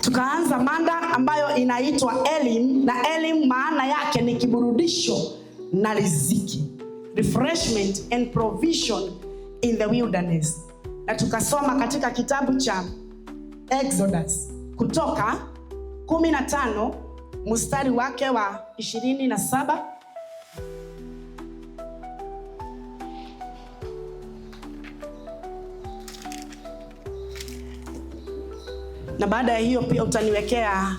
tukaanza mada ambayo inaitwa elim na elimu maana yake ni kiburudisho na riziki, refreshment and provision in the wilderness, na tukasoma katika kitabu cha Exodus kutoka 15 mstari wake wa 27 na baada ya hiyo pia utaniwekea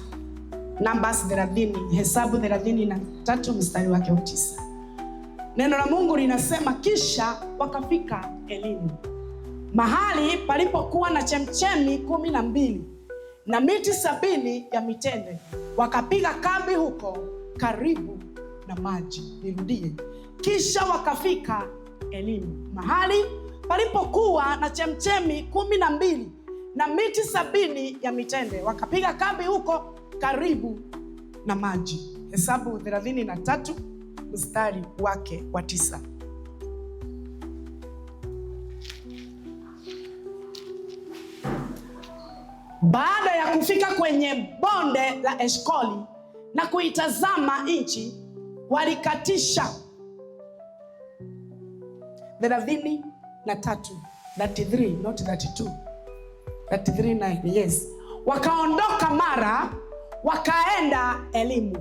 Numbers 30, Hesabu 33 mstari wake wa 9 Neno la Mungu linasema kisha wakafika Elimu, mahali palipokuwa na chemchemi kumi na mbili na miti sabini ya mitende, wakapiga kambi huko karibu na maji. Nirudie, kisha wakafika Elimu, mahali palipokuwa na chemchemi kumi na mbili na miti sabini ya mitende, wakapiga kambi huko karibu na maji. Hesabu 33 mstari wake wa tisa. Baada ya kufika kwenye bonde la Eshkoli na kuitazama nchi, walikatisha 33, not 32 39, yes. Wakaondoka Mara wakaenda Elimu,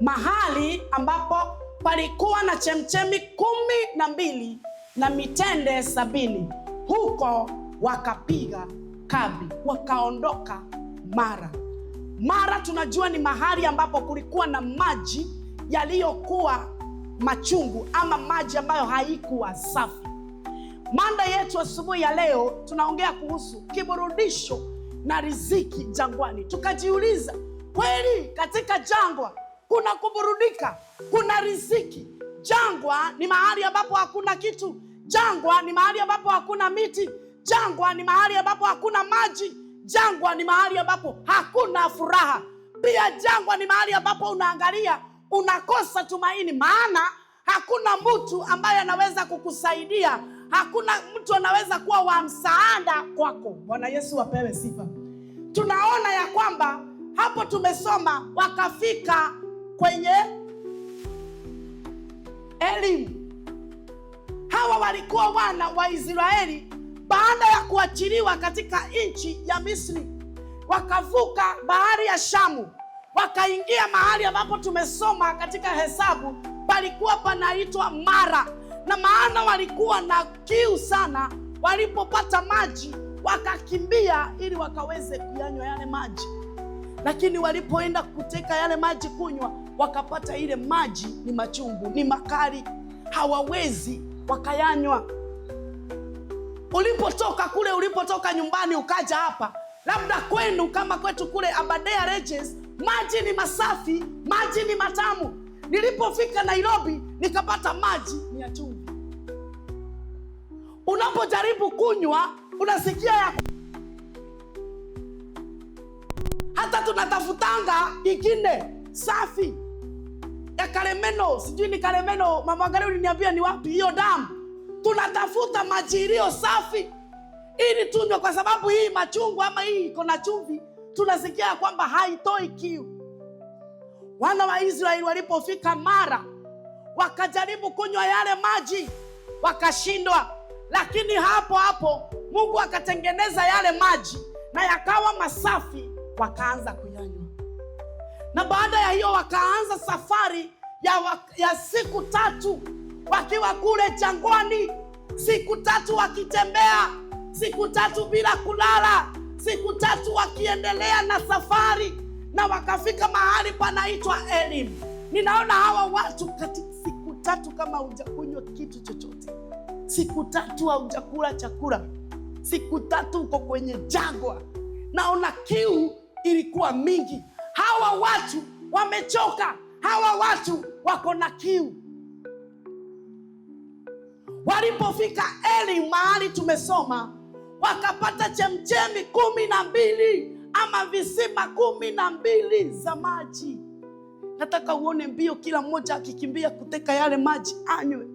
mahali ambapo palikuwa na chemchemi kumi na mbili na mitende sabini. Huko wakapiga kambi, wakaondoka Mara. Mara tunajua ni mahali ambapo kulikuwa na maji yaliyokuwa machungu ama maji ambayo haikuwa safi. Mada yetu asubuhi ya leo tunaongea kuhusu kiburudisho na riziki jangwani, tukajiuliza kweli katika jangwa kuna kuburudika? Kuna riziki? Jangwa ni mahali ambapo hakuna kitu. Jangwa ni mahali ambapo hakuna miti. Jangwa ni mahali ambapo hakuna maji. Jangwa ni mahali ambapo hakuna furaha. Pia jangwa ni mahali ambapo unaangalia, unakosa tumaini, maana hakuna mtu ambaye anaweza kukusaidia hakuna mtu anaweza kuwa wa msaada kwako. Bwana Yesu apewe sifa. Tunaona ya kwamba hapo tumesoma wakafika kwenye elimu. Hawa walikuwa wana wa Israeli baada ya kuachiliwa katika nchi ya Misri, wakavuka bahari ya Shamu, wakaingia mahali ambapo tumesoma katika Hesabu palikuwa panaitwa Mara na maana walikuwa na kiu sana, walipopata maji wakakimbia ili wakaweze kuyanywa yale maji, lakini walipoenda kuteka yale maji kunywa, wakapata ile maji ni machungu, ni makali, hawawezi wakayanywa. Ulipotoka kule, ulipotoka nyumbani ukaja hapa, labda kwenu kama kwetu kule Abadea Ranges, maji ni masafi, maji ni matamu. Nilipofika Nairobi nikapata maji ni ya chungu. Unapojaribu kunywa unasikia ya hata tunatafutanga ingine safi ya Karemeno, sijui ni Karemeno. Mama Gari uliniambia ni wapi hiyo damu? Tunatafuta maji iliyo safi ili tunywe, kwa sababu hii machungwa ama hii iko na chumvi, tunasikia ya kwamba haitoi kiu. Wana wa Israeli walipofika Mara wakajaribu kunywa yale maji wakashindwa lakini hapo hapo Mungu akatengeneza yale maji na yakawa masafi, wakaanza kuyanywa. Na baada ya hiyo wakaanza safari ya, ya siku tatu wakiwa kule jangwani, siku tatu wakitembea, siku tatu bila kulala, siku tatu wakiendelea na safari, na wakafika mahali panaitwa Elimu. Ninaona hawa watu katika siku tatu kama hujakunywa kitu chochote Siku tatu haujakula chakula, siku tatu uko kwenye jangwa, naona kiu ilikuwa mingi. Hawa watu wamechoka, hawa watu wako na kiu. Walipofika Eli mahali tumesoma, wakapata chemchemi kumi na mbili ama visima kumi na mbili za maji. Nataka uone mbio, kila mmoja akikimbia kuteka yale maji anywe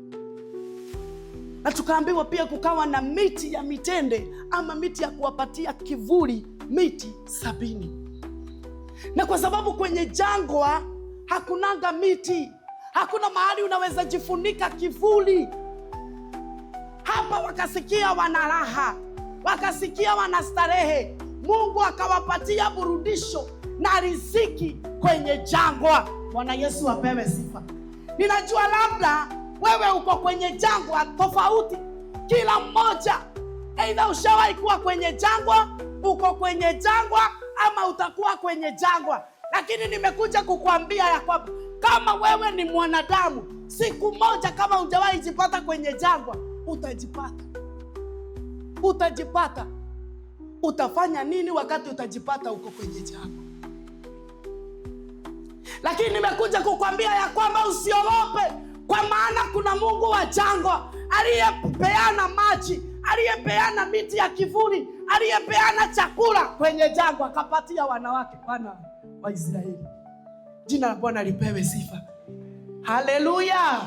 na tukaambiwa pia kukawa na miti ya mitende ama miti ya kuwapatia kivuli, miti sabini. Na kwa sababu kwenye jangwa hakunanga miti, hakuna mahali unaweza jifunika kivuli, hapa wakasikia wana raha, wakasikia wana starehe. Mungu akawapatia burudisho na riziki kwenye jangwa. Bwana Yesu apewe sifa. Ninajua labda wewe uko kwenye jangwa tofauti, kila mmoja. Aidha ushawahi kuwa kwenye jangwa, uko kwenye jangwa, ama utakuwa kwenye jangwa. Lakini nimekuja kukuambia ya kwamba kama wewe ni mwanadamu, siku moja kama hujawahi jipata kwenye jangwa, utajipata, utajipata. Utafanya nini wakati utajipata uko kwenye jangwa? Lakini nimekuja kukwambia ya kwamba usiogope kwa maana kuna Mungu wa jangwa aliyepeana maji, aliyepeana miti ya kivuli, aliyepeana chakula kwenye jangwa, akapatia wanawake wana wa Israeli. Jina la Bwana lipewe sifa, haleluya.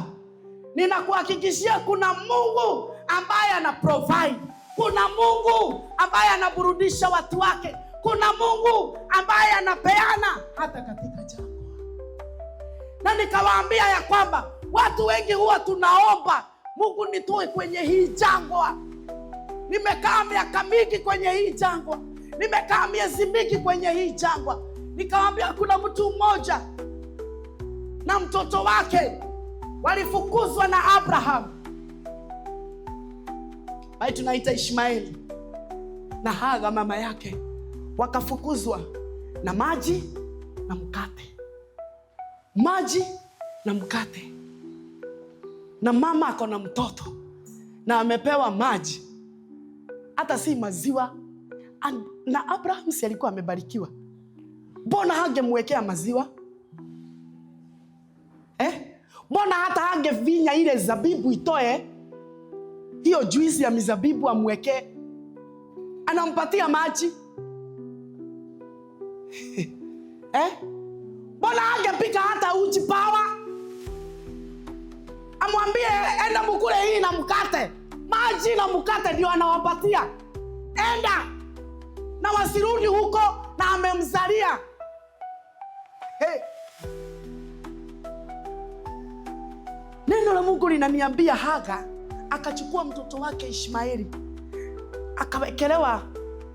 Ninakuhakikishia kuna Mungu ambaye ana provide, kuna Mungu ambaye anaburudisha watu wake, kuna Mungu ambaye anapeana hata katika jangwa, na nikawaambia ya kwamba Watu wengi huwa tunaomba Mungu, nitoe kwenye hii jangwa. Nimekaa miaka mingi kwenye hii jangwa, nimekaa miezi mingi kwenye hii jangwa. Nikawambia kuna mtu mmoja na mtoto wake walifukuzwa na abraham bai tunaita Ishmaeli na Haga mama yake, wakafukuzwa na maji na mkate, maji na mkate na mama ako na mtoto na amepewa maji, hata si maziwa. Na Abraham si alikuwa amebarikiwa, mbona hangemwekea maziwa eh? mbona hata hata hangevinya ile zabibu itoe hiyo juisi ya mizabibu amwekee, anampatia maji eh? mbona hangepika hata uji power amwambie enda mukule hii na mkate, maji na mkate ndio anawapatia. Enda na wasirudi huko, na amemzalia hey. Neno la Mungu linaniambia Haga akachukua mtoto wake Ishmaeli akawekelewa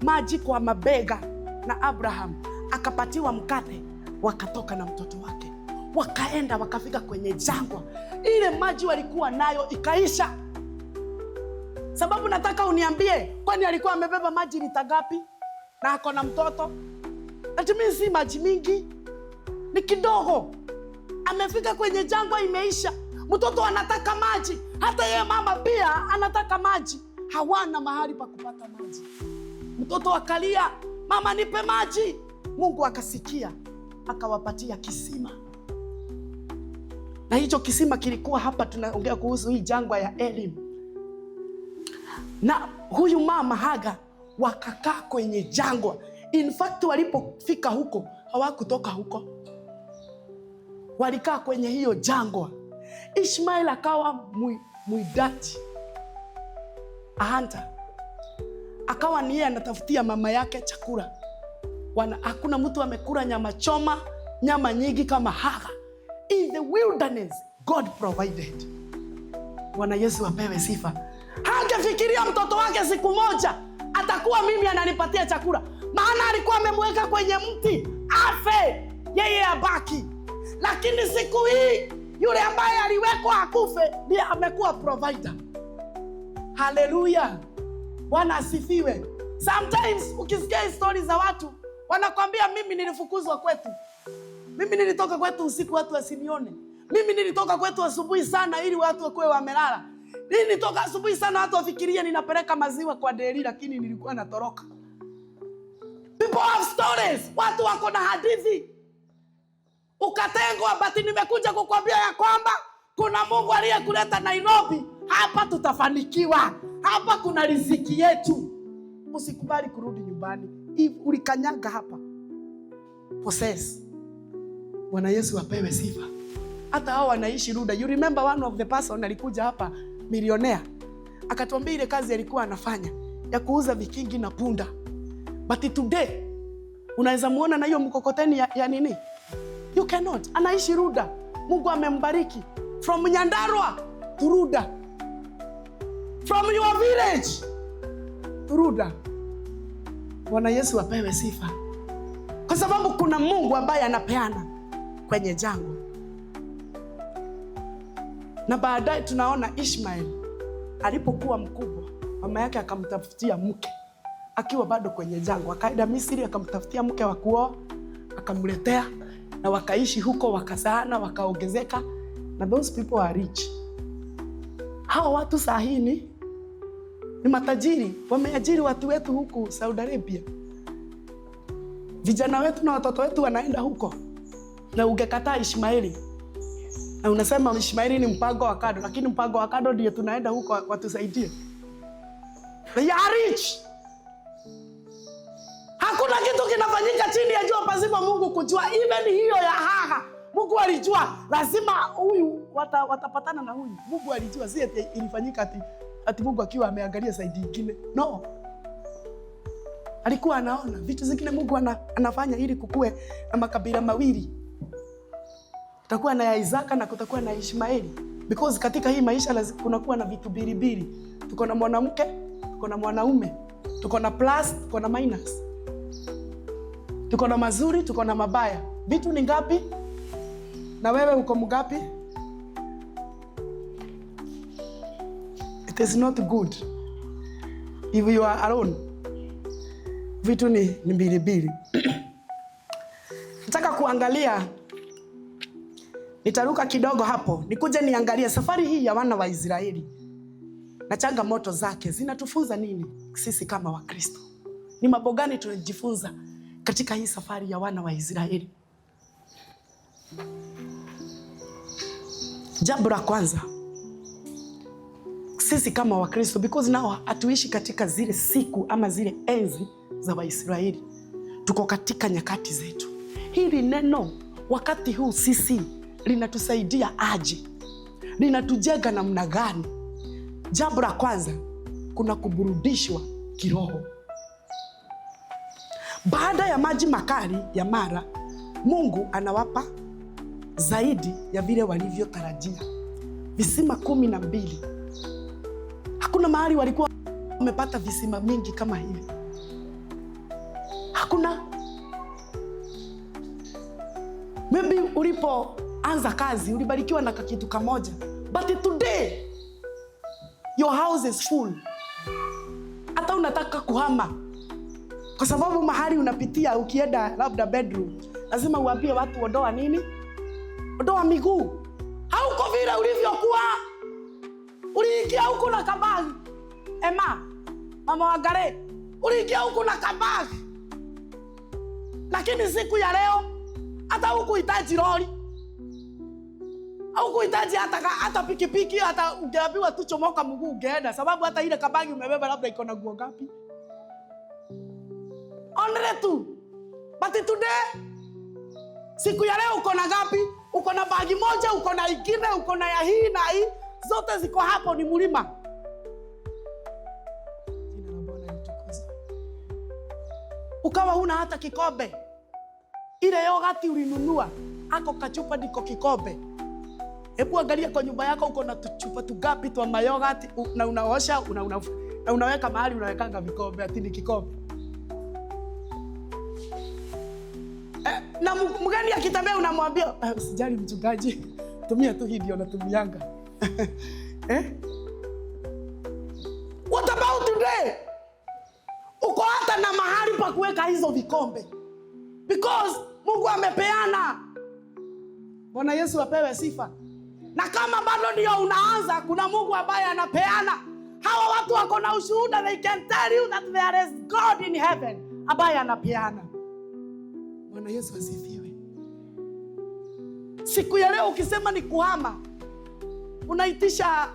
maji kwa mabega na Abraham akapatiwa mkate, wakatoka na mtoto wake wakaenda wakafika kwenye jangwa, ile maji walikuwa nayo ikaisha. Sababu nataka uniambie, kwani alikuwa amebeba maji lita ngapi? Na ako na mtoto, atimi, si maji mingi, ni kidogo. Amefika kwenye jangwa, imeisha. Mtoto anataka maji, hata yeye mama pia anataka maji. Hawana mahali pa kupata maji. Mtoto akalia, mama nipe maji. Mungu akasikia, akawapatia kisima na hicho kisima kilikuwa hapa. Tunaongea kuhusu hii jangwa ya elimu, na huyu mama Haga wakakaa kwenye jangwa. In fact walipofika huko hawakutoka huko, walikaa kwenye hiyo jangwa. Ishmael akawa mwidaji ahanta, akawa ni yeye anatafutia mama yake chakula. Hakuna mtu amekula nyama choma, nyama nyingi kama Haga. In the wilderness God provided. Bwana Yesu apewe sifa. Hangefikiria mtoto wake siku moja atakuwa mimi ananipatia chakula, maana alikuwa amemweka kwenye mti afe yeye abaki, lakini siku hii yule ambaye aliwekwa akufe ndiye amekuwa provider. Haleluya, Bwana asifiwe. Sometimes ukisikia stori za watu Wanakwambia mimi nilifukuzwa kwetu, mimi nilitoka kwetu usiku watu wasinione, mimi nilitoka kwetu asubuhi sana ili watu wakuwe wamelala, nilitoka asubuhi sana watu wafikirie ninapeleka maziwa kwa deli, lakini nilikuwa natoroka. People have stories, watu wako na hadithi. Ukatengwa, bati nimekuja kukwambia ya kwamba kuna Mungu aliyekuleta Nairobi. Hapa tutafanikiwa, hapa kuna riziki yetu. Usikubali kurudi nyumbani ulikanyaga hapa possess. Bwana Yesu apewe sifa. Hata hao wanaishi Ruda. You remember one of the person alikuja hapa milionea, akatuambia ile kazi alikuwa anafanya ya kuuza vikingi na punda, but today unaweza muona na hiyo mkokoteni ya, ya nini? You cannot. Anaishi Ruda, Mungu amembariki from Nyandarua to Ruda, from your village to Ruda. Bwana Yesu apewe sifa, kwa sababu kuna Mungu ambaye anapeana kwenye jangwa, na baadaye tunaona Ishmael alipokuwa mkubwa, mama yake akamtafutia mke akiwa bado kwenye jangwa, akaenda Misri akamtafutia mke wa kuoa, akamletea na wakaishi huko, wakazaana, wakaongezeka na those people are rich. Hawa watu sahini ni matajiri, wameajiri watu wetu huku Saudi Arabia, vijana wetu na watoto wetu wanaenda huko, na ungekataa Ishmaeli na unasema Ishmaeli ni mpango wa kado, lakini mpango wa kado ndio tunaenda huko watusaidie. They are rich. Hakuna kitu kinafanyika chini ya jua pasipo Mungu kujua. Even hiyo ya haha Mungu alijua lazima huyu watapatana, wata na huyu Mungu alijua, si ilifanyika ati ati Mungu akiwa ameangalia saidi nyingine. No, alikuwa anaona vitu zingine Mungu ana, anafanya ili kukue na makabila mawili, kutakuwa na Isaka na kutakuwa na Ishmaeli, because katika hii maisha lazima kunakuwa na vitu mbilimbili Tuko na mwanamke, tuko na mwanaume, tuko na plus, tuko na minus, tuko na mazuri, tuko na mabaya. Vitu ni ngapi? Na wewe uko mgapi? It is not good if you are alone. Vitu ni mbili mbili. Nataka kuangalia, nitaruka kidogo hapo nikuje niangalie safari hii ya wana wa Israeli na changamoto zake zinatufunza nini sisi kama Wakristo? Ni mambo gani tunajifunza katika hii safari ya wana wa Israeli? Jambo la kwanza sisi kama Wakristo because nao hatuishi katika zile siku ama zile enzi za Waisraeli, tuko katika nyakati zetu. Hili neno wakati huu sisi linatusaidia aje? Linatujenga namna gani? Jambo la kwanza, kuna kuburudishwa kiroho. Baada ya maji makali ya mara, Mungu anawapa zaidi ya vile walivyotarajia, visima kumi na mbili Hakuna mahali walikuwa wamepata visima mingi kama hivi, hakuna. Maybe ulipoanza kazi ulibarikiwa na kakitu kamoja, but today your house is full. Hata unataka kuhama kwa sababu mahali unapitia ukienda labda bedroom, lazima uambie watu odoa nini, odoa miguu, hauko vile ulivyokuwa uliingia huku na kabagi ema, mama wa gare, uliingia huku na kabagi, lakini siku ya leo hata hukuhitaji lori, hukuhitaji hata hata pikipiki. Hata ungeambiwa tu chomoka mguu ungeenda, sababu hata ile kabagi umebeba labda iko na nguo ngapi? Onere tu but today siku ya leo uko na ngapi? Uko na bagi moja, uko na ingine, uko na ya hii na hii zote ziko hapo, ni mlima. Jina la Bwana litukuzwe. Ukawa una hata kikombe, ile yogati ulinunua ako kachupa ndiko kikombe. Hebu angalia kwa nyumba yako, uko na tuchupa tugapi twa mayogati na unaosha una, una, na unaweka mahali unawekanga vikombe, ati ni kikombe eh, na mgeni akitembea unamwambia eh, sijali mchungaji, tumia tu hii ndio natumianga. eh? What about today? Uko hata na mahali pa kuweka hizo vikombe because Mungu amepeana. Bwana Yesu apewe sifa. Na kama bado ndio unaanza, kuna Mungu ambaye anapeana. Hawa watu wako na ushuhuda, they can tell you that there is God in heaven ambaye anapeana. Bwana Yesu asifiwe. Siku ya leo ukisema ni kuhama unaitisha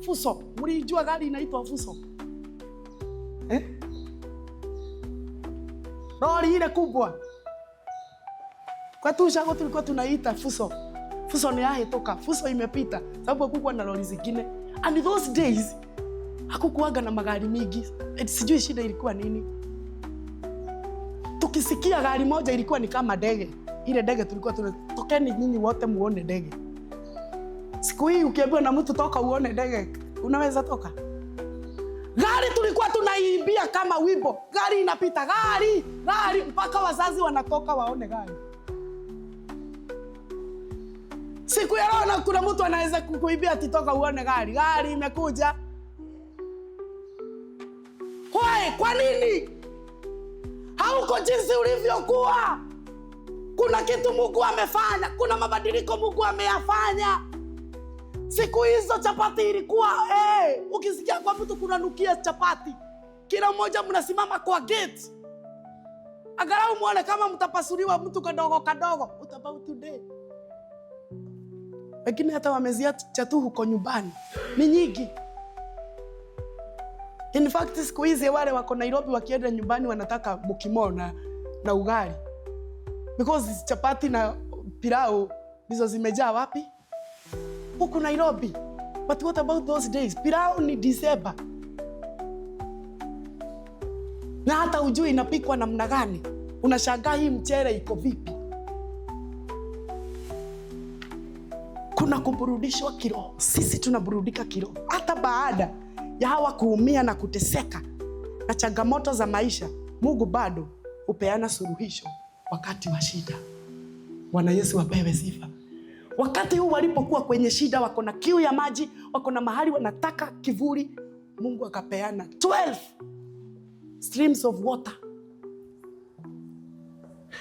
fuso. Mlijua gari inaitwa fuso eh? Lori ile kubwa kwa kwa tulikuwa tunaita fuso. Fuso ni toka. fuso imepita sababu hakukuwa na lori zingine. And those days hakukuwaga na magari mingi, eh, sijui shida ilikuwa nini. Tukisikia gari moja ilikuwa ni kama ndege, ile ndege tulikuwa tunatokeni tokeni nyinyi wote muone ndege. Siku hii ukiambiwa na mtu toka uone ndege, unaweza toka? Gari tulikuwa tunaiimbia kama wimbo, gari inapita, gari gari, mpaka wazazi wanatoka waone gari. Siku ya leo na kuna mtu anaweza kukuibia titoka uone gari, gari imekuja. Kwae, kwa nini hauko jinsi ulivyokuwa? Kuna kitu Mungu amefanya, kuna mabadiliko Mungu ameyafanya. Siku hizo chapati ilikuwa hey, eh, ukisikia kwa mtu kunanukia chapati, kila mmoja mnasimama kwa gate, angalau muone kama mtapasuliwa mtu kadogo kadogo about today. Lakini hata wamezia chatu huko nyumbani ni nyingi. In fact siku hizi wale wako Nairobi wakienda nyumbani wanataka bukimo na, na ugali because chapati na pilau ndizo zimejaa wapi? huku Nairobi. But what about those days? Pilau ni December na hata ujui inapikwa namna gani, unashangaa hii mchele iko vipi. Kuna kuburudishwa kiroho, sisi tunaburudika kiroho hata baada ya hawa kuumia na kuteseka na changamoto za maisha. Mungu bado hupeana suluhisho wakati wa shida. Bwana Yesu apewe sifa. Wakati huu walipokuwa kwenye shida, wako na kiu ya maji, wako na mahali wanataka kivuli, Mungu akapeana 12 streams of water,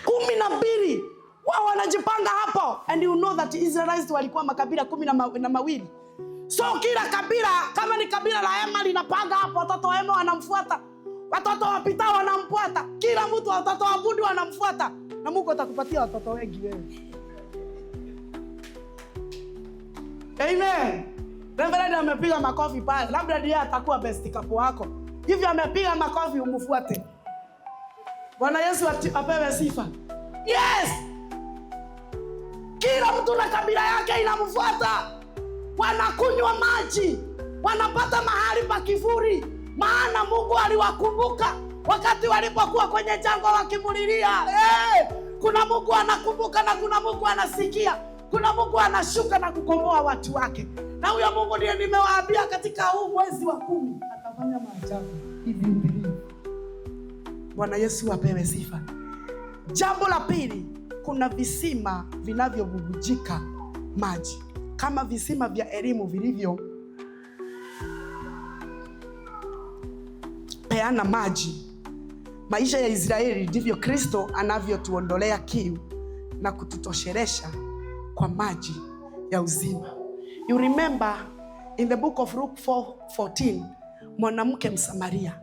kumi na mbili. Wao wanajipanga hapo, and you know that Israelites walikuwa makabila kumi na mawili. So kila kabila kama ni kabila la Hema linapanga hapo, watoto wa Hema wanamfuata, watoto wa Pita wanamfuata, kila mtu, watoto wa Budi wanamfuata, na Mungu atakupatia watoto wengi wewe. Amen. Reverend amepiga makofi pale, labda ndiye atakuwa best kapo wako. Hivyo amepiga makofi, umfuate. Bwana Yesu apewe sifa. Yes! Kila mtu na kabila yake inamfuata, wanakunywa maji, wanapata mahali pa kivuli, maana Mungu aliwakumbuka wakati walipokuwa kwenye jangwa wakimulilia. Hey! Kuna Mungu anakumbuka na kuna Mungu anasikia kuna Mungu anashuka na kukomboa watu wake, na huyo Mungu ndiye nimewaambia katika huu mwezi wa kumi atafanya maajabu hivi Bwana Yesu apewe sifa. Jambo la pili, kuna visima vinavyobubujika maji kama visima vya elimu vilivyo peana maji. Maisha ya Israeli ndivyo Kristo anavyotuondolea kiu na kututosheresha kwa maji ya uzima. You remember in the book of Luke 4:14 mwanamke Msamaria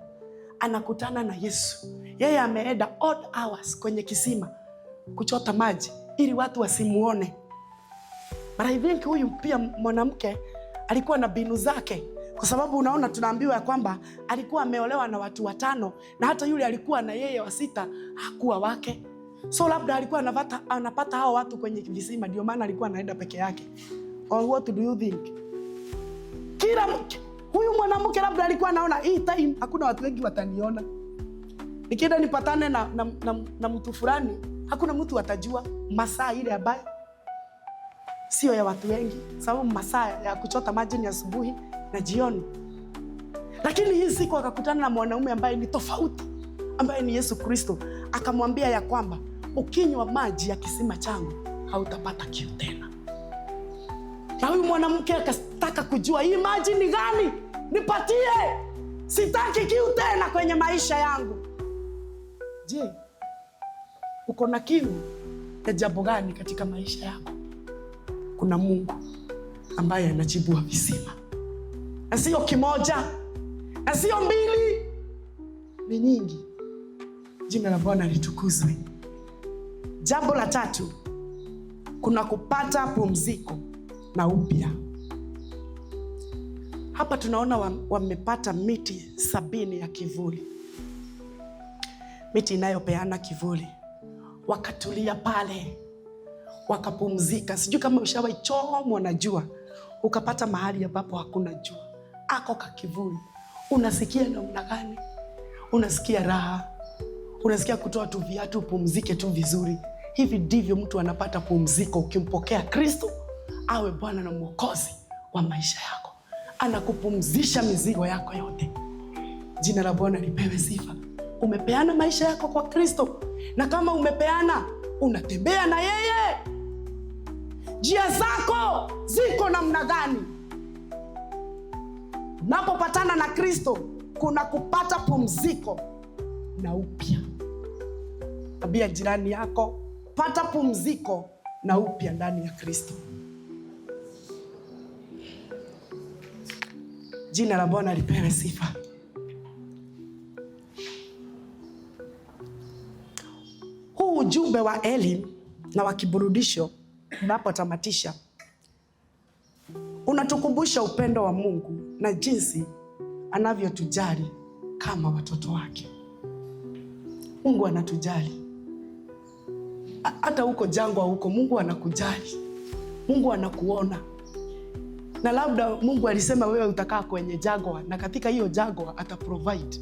anakutana na Yesu, yeye ameenda odd hours kwenye kisima kuchota maji ili watu wasimuone. But I think huyu pia mwanamke alikuwa na binu zake, kwa sababu unaona, tunaambiwa ya kwamba alikuwa ameolewa na watu watano, na hata yule alikuwa na yeye wa sita hakuwa wake. So labda alikuwa anapata, anapata hao watu kwenye visima, ndio maana alikuwa anaenda peke yake. Or what do you think? Kila huyu mwanamke labda alikuwa anaona hii time hakuna watu wengi wataniona, nikienda nipatane na, na, na, na mtu fulani, hakuna mtu atajua masaa ile ambayo sio ya watu wengi, sababu masaa ya kuchota maji ni asubuhi na jioni. Lakini hii siku akakutana na mwanaume ambaye ni tofauti, ambaye ni Yesu Kristo, akamwambia ya kwamba ukinywa maji ya kisima changu hautapata kiu tena. Na huyu mwanamke akataka kujua hii maji ni gani, nipatie, sitaki kiu tena kwenye maisha yangu. Je, uko na kiu ya jambo gani katika maisha yako? Kuna Mungu ambaye anachibua visima, na sio kimoja na sio mbili, ni nyingi. Jina la Bwana litukuzwe. Jambo la tatu, kuna kupata pumziko na upya. Hapa tunaona wamepata miti sabini ya kivuli, miti inayopeana kivuli, wakatulia pale wakapumzika. Sijui kama ushawaichomwa na jua ukapata mahali ambapo hakuna jua, ako ka kivuli, unasikia namna gani? Unasikia raha, unasikia kutoa tu viatu upumzike tu vizuri. Hivi ndivyo mtu anapata pumziko, ukimpokea Kristo awe Bwana na Mwokozi wa maisha yako, anakupumzisha mizigo yako yote. Jina la Bwana lipewe sifa. Umepeana maisha yako kwa Kristo, na kama umepeana, unatembea na yeye. Njia zako ziko namna gani? Unapopatana na Kristo kuna kupata pumziko na upya. Tabia jirani yako pata pumziko na upya ndani ya Kristo. Jina la Bwana lipewe sifa. Huu ujumbe wa eli na wa kiburudisho unapotamatisha, unatukumbusha upendo wa Mungu na jinsi anavyotujali kama watoto wake. Mungu anatujali hata huko jangwa huko, Mungu anakujali, Mungu anakuona, na labda Mungu alisema wewe utakaa kwenye jangwa, na katika hiyo jangwa ata provide.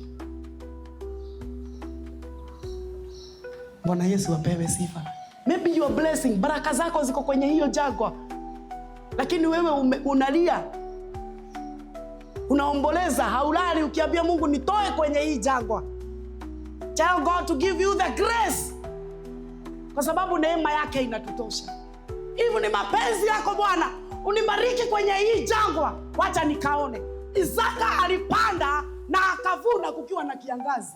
Bwana Yesu apewe sifa. Maybe your blessing, baraka zako ziko kwenye hiyo jangwa, lakini wewe ume, unalia unaomboleza, haulali ukiambia Mungu, nitoe kwenye hii jangwa. Tell God to give you the grace kwa sababu neema yake inatutosha. Hivi ni mapenzi yako Bwana, unibariki kwenye hii jangwa, wacha nikaone. Isaka alipanda na akavuna kukiwa na kiangazi.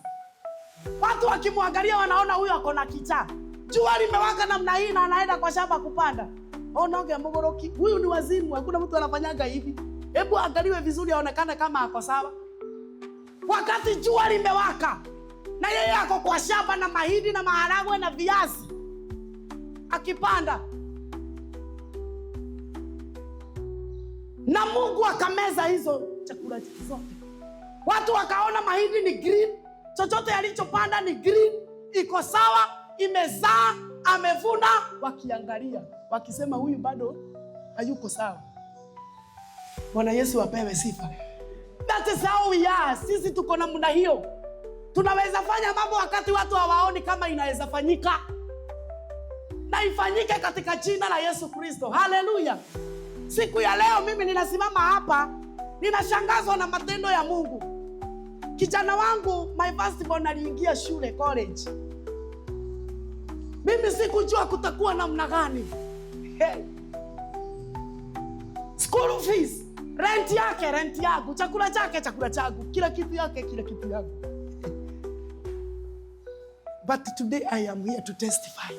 Watu wakimwangalia wanaona huyo ako na kichaa, jua limewaka namna hii na anaenda kwa shamba kupanda. Onoge Mogoroki, huyu ni wazimu, hakuna mtu anafanyaga hivi. Hebu angaliwe vizuri, aonekane kama ako sawa, wakati jua limewaka na yeye ako kwa shamba na mahindi na maharagwe na viazi akipanda na Mungu akameza hizo chakula zote. Watu wakaona mahindi ni green, chochote yalichopanda ni green, iko sawa, imezaa, amevuna, wakiangalia wakisema, huyu bado hayuko sawa. Bwana Yesu apewe sifa. That is how we are. Sisi tuko namna hiyo, tunaweza fanya mambo wakati watu hawaoni kama inaweza fanyika na ifanyike katika jina la Yesu Kristo. Haleluya! Siku ya leo mimi ninasimama hapa, ninashangazwa na matendo ya Mungu. Kijana wangu my first born aliingia shule college. Mimi sikujua kutakuwa namna gani, hey. School fees, rent yake rent yangu, chakula chake chakula changu, kila kitu yake kila kitu yangu. But today I am here to testify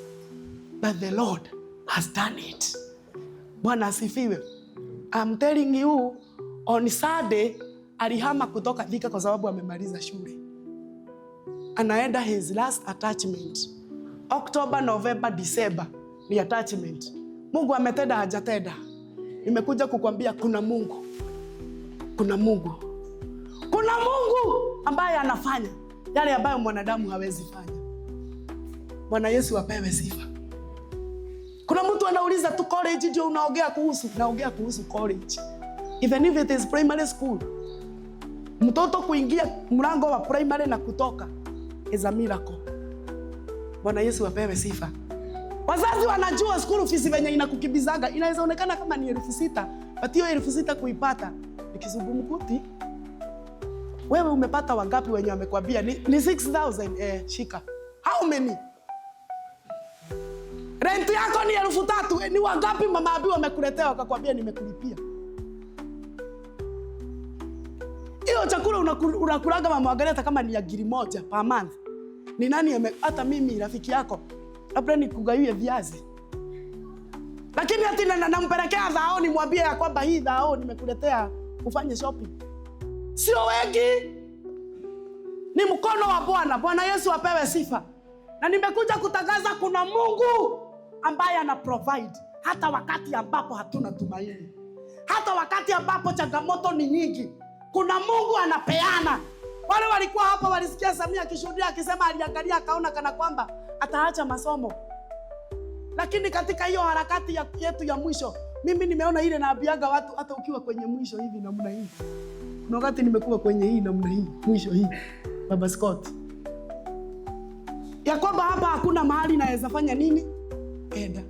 but the Lord has done it. Bwana asifiwe. I'm telling you, on Sunday alihama kutoka Thika kwa sababu amemaliza shule, anaenda his last attachment October, November, December ni attachment. Mungu ametenda hajatenda? Nimekuja kukwambia kuna Mungu, kuna Mungu, kuna Mungu ambaye anafanya yale ambayo mwanadamu hawezi fanya. Bwana Yesu apewe sifa. Kuna mtu anauliza tu college ndio unaongea kuhusu, naongea kuhusu college. Even if it is primary school. Mtoto kuingia mlango wa primary na kutoka is a miracle. Bwana Yesu apewe sifa. Wazazi wanajua school fees venye inakukibizaga. Inaweza onekana kama ni elfu sita, but hiyo elfu sita kuipata ni kizungumkuti. Wewe umepata wangapi wenye wamekwambia ni, ni 6000 eh, shika. How many? renti yako ni elfu tatu. Eh, ni wangapi mama abi wamekuletea wakakwambia nimekulipia? Hiyo chakula unakulaga mama Agatha kama ni ya giri moja per month. Ni nani hata mimi rafiki yako labda nikugawie viazi, lakini ati nampelekea dhao nimwambie ya kwamba hii dhao nimekuletea ufanye shopping. Sio wengi, ni mkono wa Bwana. Bwana Yesu apewe sifa, na nimekuja kutangaza kuna Mungu ambaye ana provide hata wakati ambapo hatuna tumaini, hata wakati ambapo changamoto ni nyingi. Kuna Mungu anapeana. Wale walikuwa hapo walisikia Samia akishuhudia akisema, aliangalia akaona kana kwamba ataacha masomo, lakini katika hiyo harakati ya yetu ya mwisho, mimi nimeona ile naambiaga watu, hata ukiwa kwenye mwisho hivi namna hii, kuna wakati nimekuwa kwenye hii namna hii mwisho hii, Baba Scott, ya kwamba hapa hakuna mahali naweza fanya nini kupenda,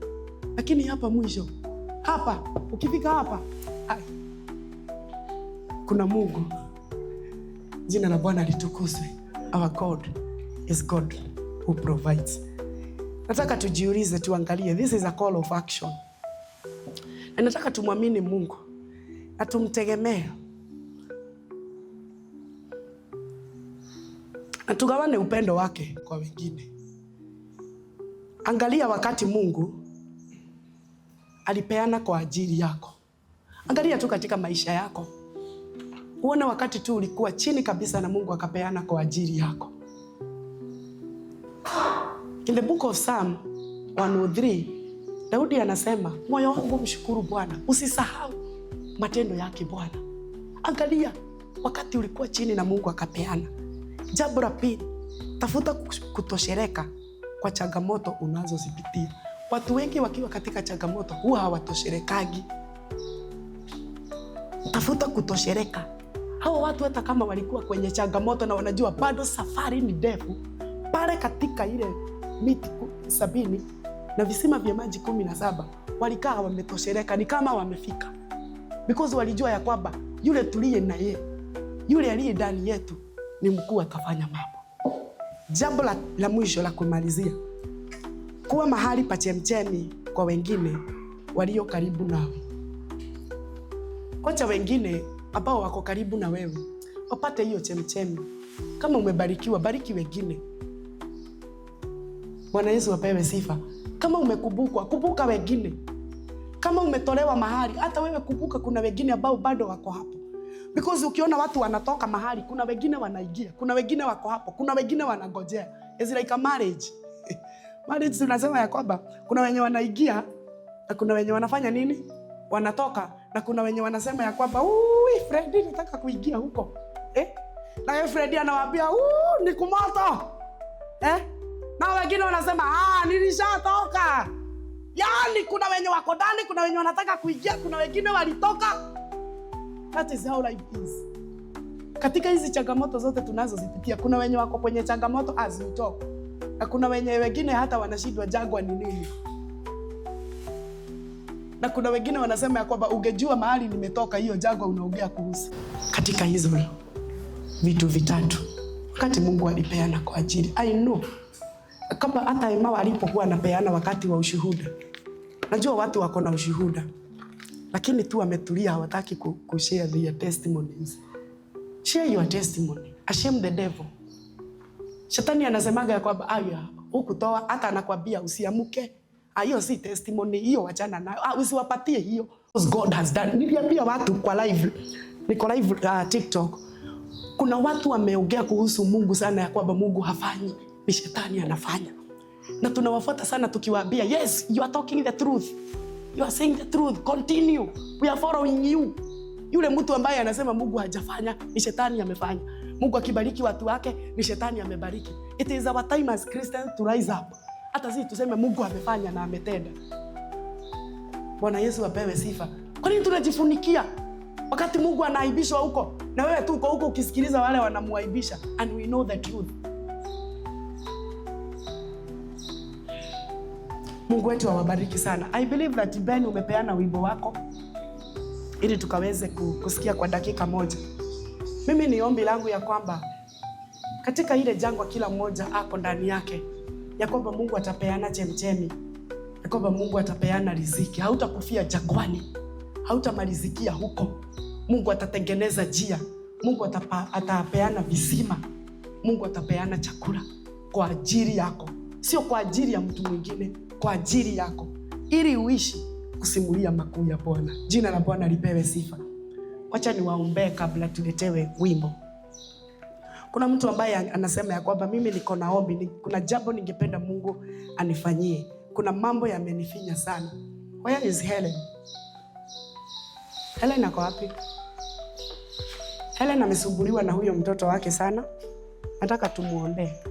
lakini hapa mwisho hapa, ukifika hapa ay, kuna Mungu. Jina la Bwana litukuzwe. Our God is God who provides. Nataka tujiulize, tuangalie, this is a call of action, na nataka tumwamini Mungu na tumtegemee na tugawane upendo wake kwa wengine. Angalia wakati Mungu alipeana kwa ajili yako. Angalia tu katika maisha yako, uone wakati tu ulikuwa chini kabisa na Mungu akapeana kwa ajili yako. In the book of Psalm 103 Daudi anasema, moyo wangu mshukuru Bwana, usisahau matendo yake Bwana. Angalia wakati ulikuwa chini na Mungu akapeana. Jambo la pili, tafuta kutoshereka kwa changamoto unazozipitia. Watu wengi wakiwa katika changamoto huwa hawatosherekagi. Tafuta kutoshereka. Hao watu hata kama walikuwa kwenye changamoto na wanajua bado safari ni ndefu, pale katika ile miti sabini na visima vya maji kumi na saba walikaa wametoshereka, ni kama wamefika, because walijua ya kwamba yule tuliye na ye, yule aliye ndani yetu ni mkuu, atafanya mambo Jambo la, la mwisho la kumalizia, kuwa mahali pa chemchemi kwa wengine walio karibu nawe. Kocha wengine ambao wako karibu na wewe wapate hiyo chemchemi. Kama umebarikiwa, bariki wengine. Bwana Yesu apewe sifa. Kama umekumbukwa, kumbuka wengine. Kama umetolewa mahali, hata wewe kumbuka, kuna wengine ambao bado wako hapo. Because ukiona watu wanatoka mahali, kuna wengine wanaingia, kuna wengine wako hapo, kuna wengine wanangojea. It's like a marriage. Marriage tunasema ya kwamba kuna wenye wanaingia na kuna wenye wanafanya nini? Wanatoka na kuna wenye wanasema ya kwamba ui, Fredi nataka kuingia huko. Eh? Na yeye Fredi anawaambia, "Uh, ni kumoto." Eh? Na wengine wanasema, "Ah, nilishatoka." yani kuna wenye wako ndani, kuna wenye wanataka kuingia, kuna wengine walitoka. That is how life is. Katika hizi changamoto zote tunazozipitia, kuna wenye wako kwenye changamoto as we talk, na kuna wenye wengine hata wanashindwa jangwa ni nini, na kuna wengine wanasema ya kwamba ungejua mahali nimetoka, hiyo jangwa unaongea kuhusu. Katika hizo vitu vitatu, wakati Mungu alipeana kwa ajili I know kama hata Emma alipokuwa anapeana wakati wa ushuhuda, najua watu wako na ushuhuda lakini tu ametulia, hawataki kushare their testimonies. Share your testimony, ashame the devil. Shetani anasemaga ya kwamba aya hukutoa, hata anakwambia usiamuke. Ah, hiyo si testimony hiyo, wachana nayo, ah, usiwapatie hiyo. God has done. Niliambia watu kwa live, niko live uh, TikTok, kuna watu wameongea kuhusu Mungu sana ya kwamba Mungu hafanyi, ni shetani anafanya, na tunawafuata sana tukiwaambia yes you are talking the truth You are saying the truth. Continue. We are following you. Yule mtu ambaye anasema Mungu hajafanya ni shetani amefanya. Mungu akibariki watu wake ni shetani amebariki. It is our time as Christians to rise up. Hata sisi tuseme Mungu amefanya na ametenda. Bwana Yesu apewe sifa. Kwa nini tunajifunikia wakati Mungu anaaibishwa huko na wewe tu uko huko ukisikiliza wale wanamuaibisha and we know the truth. Mungu wetu awabariki sana. I believe that Ben, umepeana wimbo wako ili tukaweze kusikia kwa dakika moja. Mimi ni ombi langu ya kwamba katika ile jangwa kila mmoja ako ndani yake, ya kwamba Mungu atapeana chemchemi, ya kwamba Mungu atapeana riziki. Hautakufia jangwani, hautamalizikia huko. Mungu atatengeneza njia, Mungu atapa, atapeana visima, Mungu atapeana chakula kwa ajili yako, sio kwa ajili ya mtu mwingine kwa ajili yako ili uishi kusimulia makuu ya Bwana. Jina la Bwana lipewe sifa. Wacha niwaombee kabla tuletewe wimbo. Kuna mtu ambaye anasema ya kwamba mimi niko na ombi, kuna jambo ningependa Mungu anifanyie, kuna mambo yamenifinya sana. Where is Helen? Helen ako wapi? Helen amesumbuliwa na huyo mtoto wake sana, nataka tumuombee.